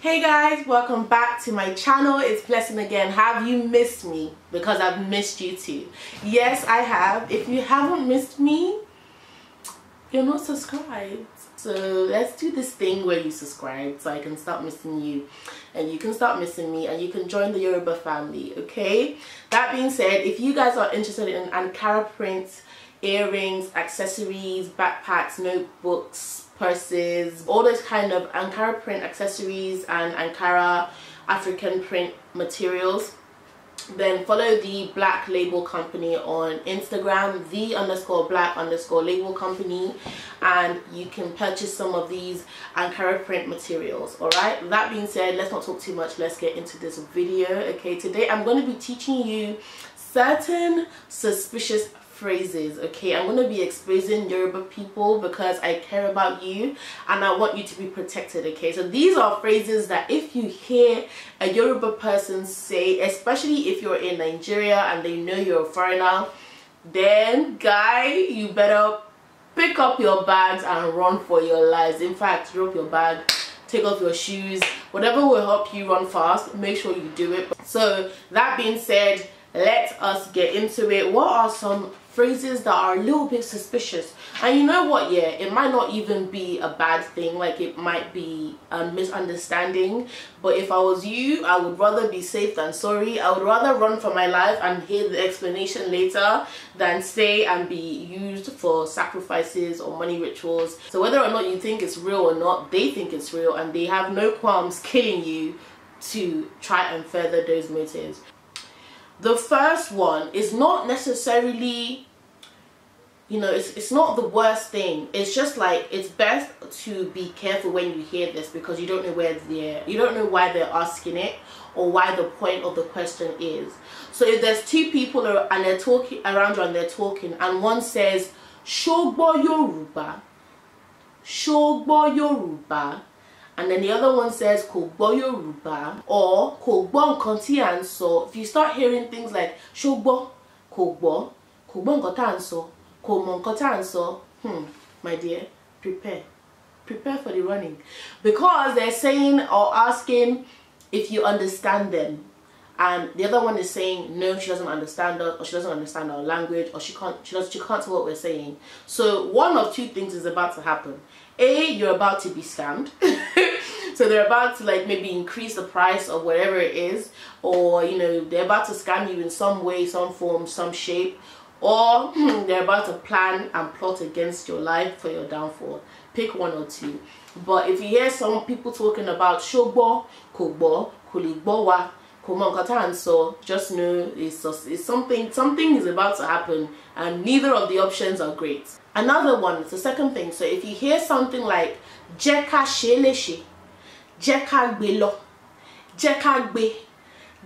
Hey guys, welcome back to my channel. It's Blessing again. Have you missed me? Because I've missed you too. Yes, I have. If you haven't missed me, you're not subscribed. So let's do this thing where you subscribe so I can stop missing you and you can start missing me and you can join the Yoruba family, okay? That being said, if you guys are interested in Ankara prints earrings, accessories, backpacks, notebooks, purses, all those kind of Ankara print accessories and Ankara African print materials then follow the black label company on instagram the underscore black underscore label company and you can purchase some of these ankara print materials all right that being said let's not talk too much let's get into this video okay today i'm going to be teaching you certain suspicious phrases okay i'm going to be exposing yoruba people because i care about you and i want you to be protected okay so these are phrases that if you hear a yoruba person say especially if you're in nigeria and they know you're a foreigner then guy you better pick up your bags and run for your lives in fact drop your bag take off your shoes whatever will help you run fast make sure you do it so that being said let us get into it what are some phrases that are a little bit suspicious and you know what yeah it might not even be a bad thing like it might be a misunderstanding but if i was you i would rather be safe than sorry i would rather run for my life and hear the explanation later than stay and be used for sacrifices or money rituals so whether or not you think it's real or not they think it's real and they have no qualms killing you to try and further those motives the first one is not necessarily you know, it's, it's not the worst thing. It's just like, it's best to be careful when you hear this because you don't know where they're, you don't know why they're asking it or why the point of the question is. So if there's two people and they're talking around you and they're talking and one says, Shogbo Yoruba, Shogbo Yoruba, and then the other one says Kogbo Yoruba or Kogbo Nkanti So if you start hearing things like Shogbo, Kogbo, Kogbo Nkanti kò mọ̀ nǹkan tá ń sọ hmm, my dear prepare prepare for the running because they're saying or asking if you understand them and the other one is saying no she doesn't understand us or she doesn't understand our language or she can't she, does, she can't see what we're saying so one of two things is about to happen a you're about to be scammed so they're about to like maybe increase the price of whatever it is or you know they're about to scam you in some way some form some shape or hmm, they're about to plan and plot against your life for your downfall pick one or two but if you hear some people talking about ṣógbọ́ kò gbọ́ kò and so, just know it's, it's something something is about to happen and neither of the options are great another one is the second thing so if you hear something like jeka ká jeka é jeka jẹ́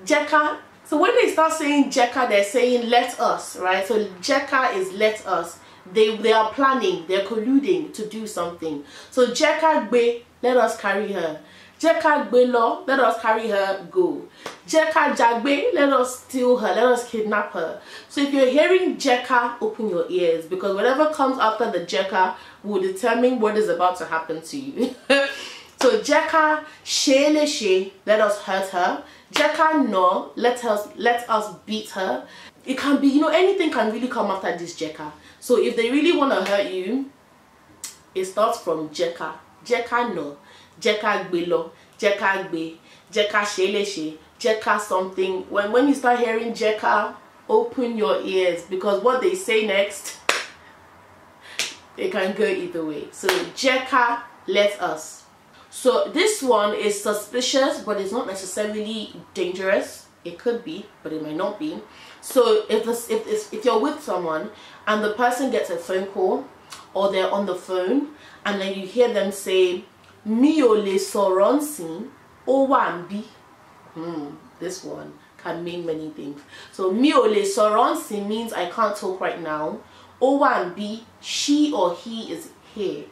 jeka. So when they start saying Jekka, they're saying let us, right? So Jekka is let us. They, they are planning, they're colluding to do something. So Jekka Gbe, let us carry her. Jekka Gbe Lo, let us carry her, go. Jekka Jagbe, let us steal her, let us kidnap her. So if you're hearing Jekka, open your ears because whatever comes after the Jekka will determine what is about to happen to you. So Jekka she let us hurt her. Jekka no, let us let us beat her. It can be, you know, anything can really come after this Jekka. So if they really want to hurt you, it starts from Jekka. Jekka no, Jekka gbelo, Jekka gbe, Jekka she. Jekka something. When when you start hearing Jekka, open your ears because what they say next, it can go either way. So Jekka, let us. So this one is suspicious, but it's not necessarily dangerous. It could be, but it might not be. So if this, if this, if you're with someone and the person gets a phone call or they're on the phone and then you hear them say mi ò lè sọ̀rọ̀ ó wà Hmm, this one can mean many things. So mi ò lè means I can't talk right now. Ó wà b," she or he is here.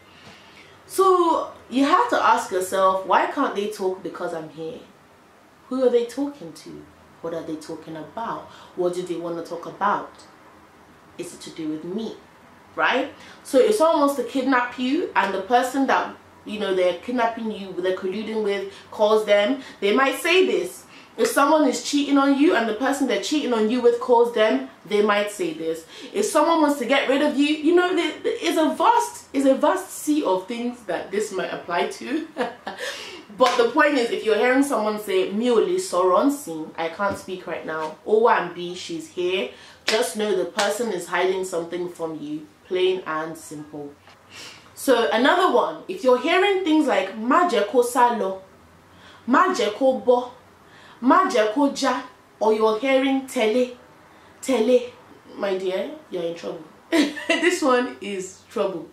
So you have to ask yourself, why can't they talk because I'm here? Who are they talking to? What are they talking about? What do they want to talk about? Is it to do with me? Right? So if someone wants to kidnap you and the person that you know they're kidnapping you, they're colluding with, calls them, they might say this if someone is cheating on you and the person they're cheating on you with calls them, they might say this. If someone wants to get rid of you, you know, there is a vast, it's a vast sea of things that this might apply to. but the point is, if you're hearing someone say, Mioli Soronsin, I can't speak right now, B, she's here, just know the person is hiding something from you, plain and simple. So another one, if you're hearing things like, Majeko Salo, Majeko Bo, má jẹ́ kó já or your hearing tẹ́lẹ̀ tẹ́lẹ̀ my dear you are in trouble this one is trouble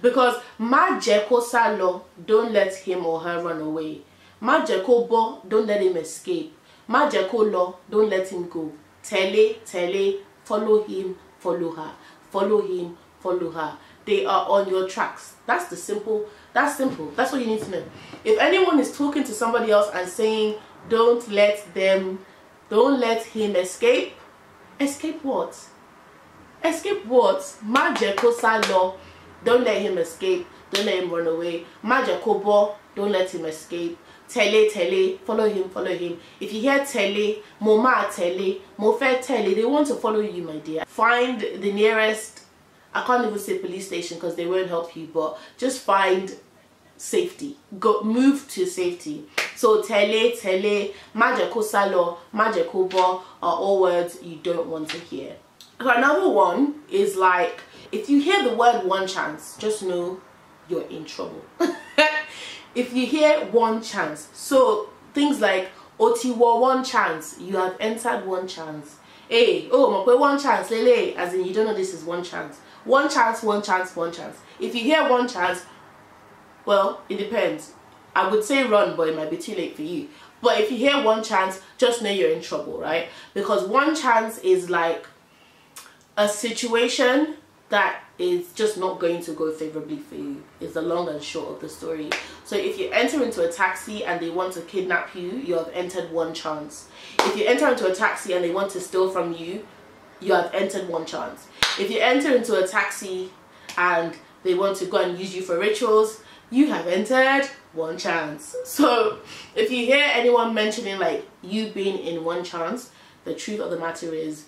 because má jẹ́ kó sá lọ don't let him or her run away má jẹ́ kó bọ́ don't let him escape má jẹ́ kó lọ don't let him go tẹ̀lé tẹ̀lé follow him follow her follow him follow her they are on your tracks that's the simple that's simple that's what you need to know if anyone is talking to somebody else and saying don't let them don't let him escape escape what escape what má lọ don't let him escape don't let him run away ma bọ́ don't let him escape tẹ̀lé tẹ̀lé follow him follow him if you hear tẹ̀lé moma tẹ̀lé mo tẹ̀lé they want to follow you my dear find the nearest I can't even say police station because they won't help you but just find safety go move to safety so tele tele magical salo magical bo are all words you don't want to hear So another one is like if you hear the word one chance just know you're in trouble if you hear one chance so things like otiwo one chance you have entered one chance hey oh my one chance lele as in you don't know this is one chance one chance one chance one chance if you hear one chance well, it depends. I would say run, but it might be too late for you. But if you hear one chance, just know you're in trouble, right? Because one chance is like a situation that is just not going to go favorably for you is the long and short of the story so if you enter into a taxi and they want to kidnap you you have entered one chance if you enter into a taxi and they want to steal from you you have entered one chance if you enter into a taxi and they want to go and use you for rituals you have entered one chance so if you hear anyone mentioning like you being in one chance the truth of the matter is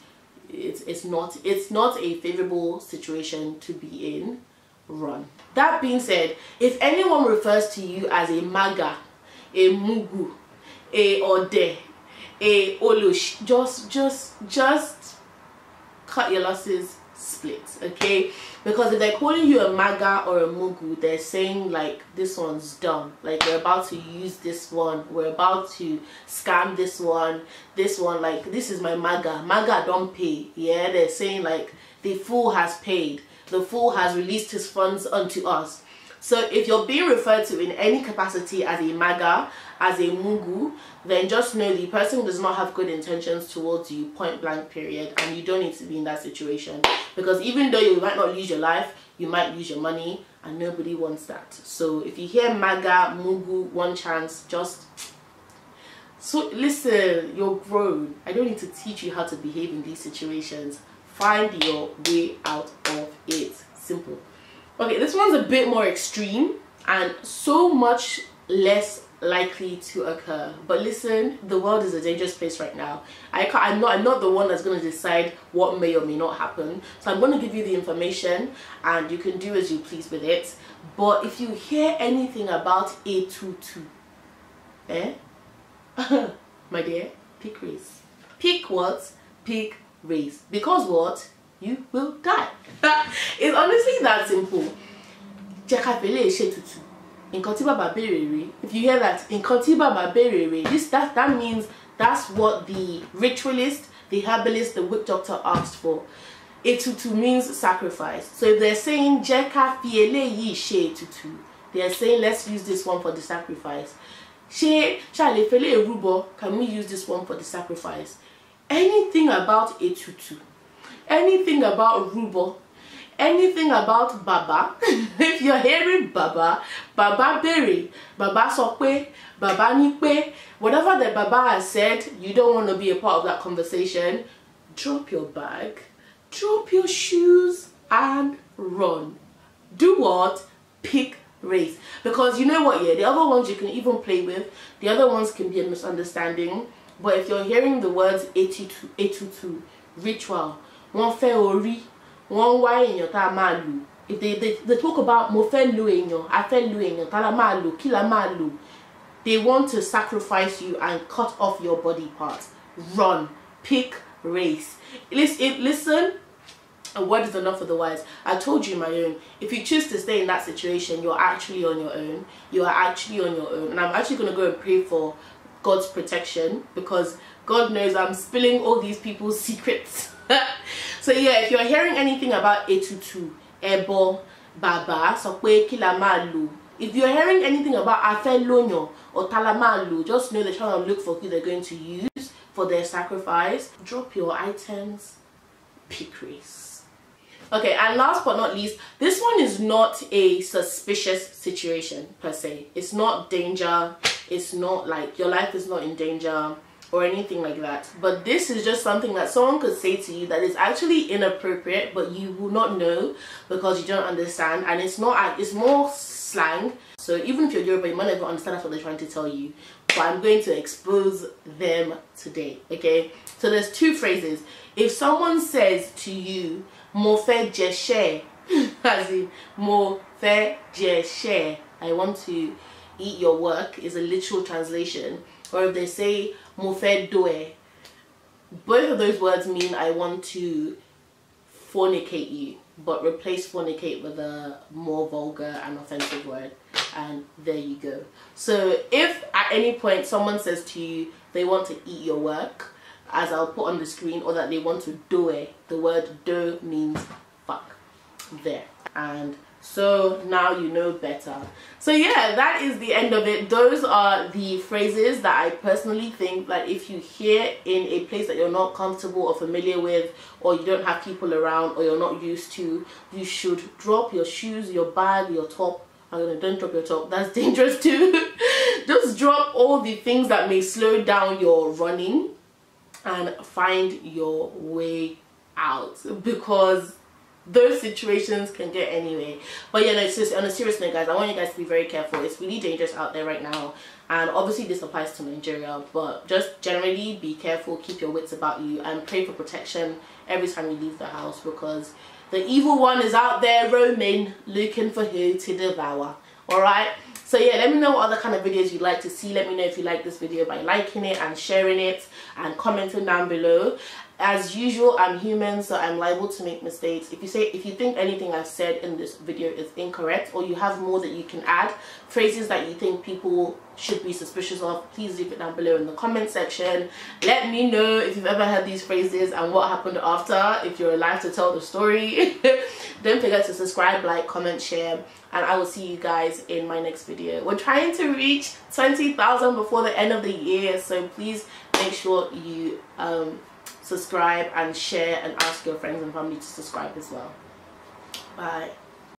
it's, it's not it's not a favorable situation to be in run that being said if anyone refers to you as a maga a mugu a ode a olush just just just cut your losses split okay because if they're calling you a maga or a mugu they're saying like this one's done like we're about to use this one we're about to scam this one this one like this is my maga maga don't pay yeah they're saying like the fool has paid the fool has released his funds unto us so if you're being referred to in any capacity as a maga, as a mugu, then just know the person does not have good intentions towards you, point blank period, and you don't need to be in that situation. Because even though you might not lose your life, you might lose your money, and nobody wants that. So if you hear maga, mugu, one chance, just so listen, you're grown. I don't need to teach you how to behave in these situations. Find your way out of it. Simple. Okay, this one's a bit more extreme and so much less likely to occur. But listen, the world is a dangerous place right now. I can't, I'm not I'm not the one that's going to decide what may or may not happen. So I'm going to give you the information and you can do as you please with it. But if you hear anything about A22, eh? My dear, pick race. Pick what? Pick race. Because what? you will die. it's honestly that simple. jẹ́ ká fi eléyìí ṣètùtù if you hear that nǹkan tí bàbá this that that means that's what the ritualist the herbalist the witch doctor asked for ètùtù means sacrifice so if they're saying jẹ́ ká fi eléyìí ṣe they're saying let's use this one for the sacrifice ṣé ṣàlè fẹlẹ́ ìrúbọ can we use this one for the sacrifice anything about ètùtù anything about Rubo, anything about Baba, if you're hearing Baba, Baba Berry, Baba Sokwe, Baba Nipe, whatever the Baba has said, you don't want to be a part of that conversation. Drop your bag, drop your shoes, and run. Do what? Pick race. Because you know what, yeah, the other ones you can even play with, the other ones can be a misunderstanding. But if you're hearing the words 82, 82 ritual, wọ́n fẹ́ orí wọ́n ń wá èèyàn tá lò if they, they they talk about mo fẹ́ lo èèyàn a fẹ́ lo tá a máa lò kí la lò they want to sacrifice you and cut off your body parts run pick race listen, listen a word is enough for the wise. I told you my own. If you choose to stay in that situation, you're actually on your own. You are actually on your own. And I'm actually going to go and pray for God's protection because God knows I'm spilling all these people's secrets. so yeah if you're hearing anything about ètùtù ẹbọ bàbá sọ pé if you're hearing anything about afelonyo or Talamalu, just know they're trying to look for who they're going to use for their sacrifice drop your items pick race okay and last but not least this one is not a suspicious situation per se it's not danger it's not like your life is not in danger or anything like that. But this is just something that someone could say to you that is actually inappropriate, but you will not know because you don't understand, and it's not it's more slang. So even if you're Yoruba, you might not even understand that's what they're trying to tell you. But I'm going to expose them today, okay? So there's two phrases. If someone says to you, "Mo fẹ́ jẹ as in "Mofe fẹ́ I want to eat your work is a literal translation or they say mo fẹ́ both of those words mean I want to fornicate you but replace fornicate with a more vulgar and offensive word and there you go so if at any point someone says to you they want to eat your work as I'll put on the screen or that they want to do it the word do means fuck there and so now you know better so yeah that is the end of it those are the phrases that i personally think that if you hear in a place that you're not comfortable or familiar with or you don't have people around or you're not used to you should drop your shoes your bag your top i'm gonna don't drop your top that's dangerous too just drop all the things that may slow down your running and find your way out because those situations can get anyway but yeah no, just, on a serious note guys i want you guys to be very careful it's really dangerous out there right now and obviously this applies to nigeria but just generally be careful keep your wits about you and pray for protection every time you leave the house because the evil one is out there roaming looking for who to devour all right so yeah let me know what other kind of videos you'd like to see let me know if you like this video by liking it and sharing it and commenting down below as usual i'm human so i'm liable to make mistakes if you say if you think anything i've said in this video is incorrect or you have more that you can add phrases that you think people should be suspicious of please leave it down below in the comment section let me know if you've ever heard these phrases and what happened after if you're alive to tell the story don't forget to subscribe like comment share and i will see you guys in my next video we're trying to reach 20,000 before the end of the year so please make sure you um subscribe and share and ask your friends and family to subscribe as well. Bye.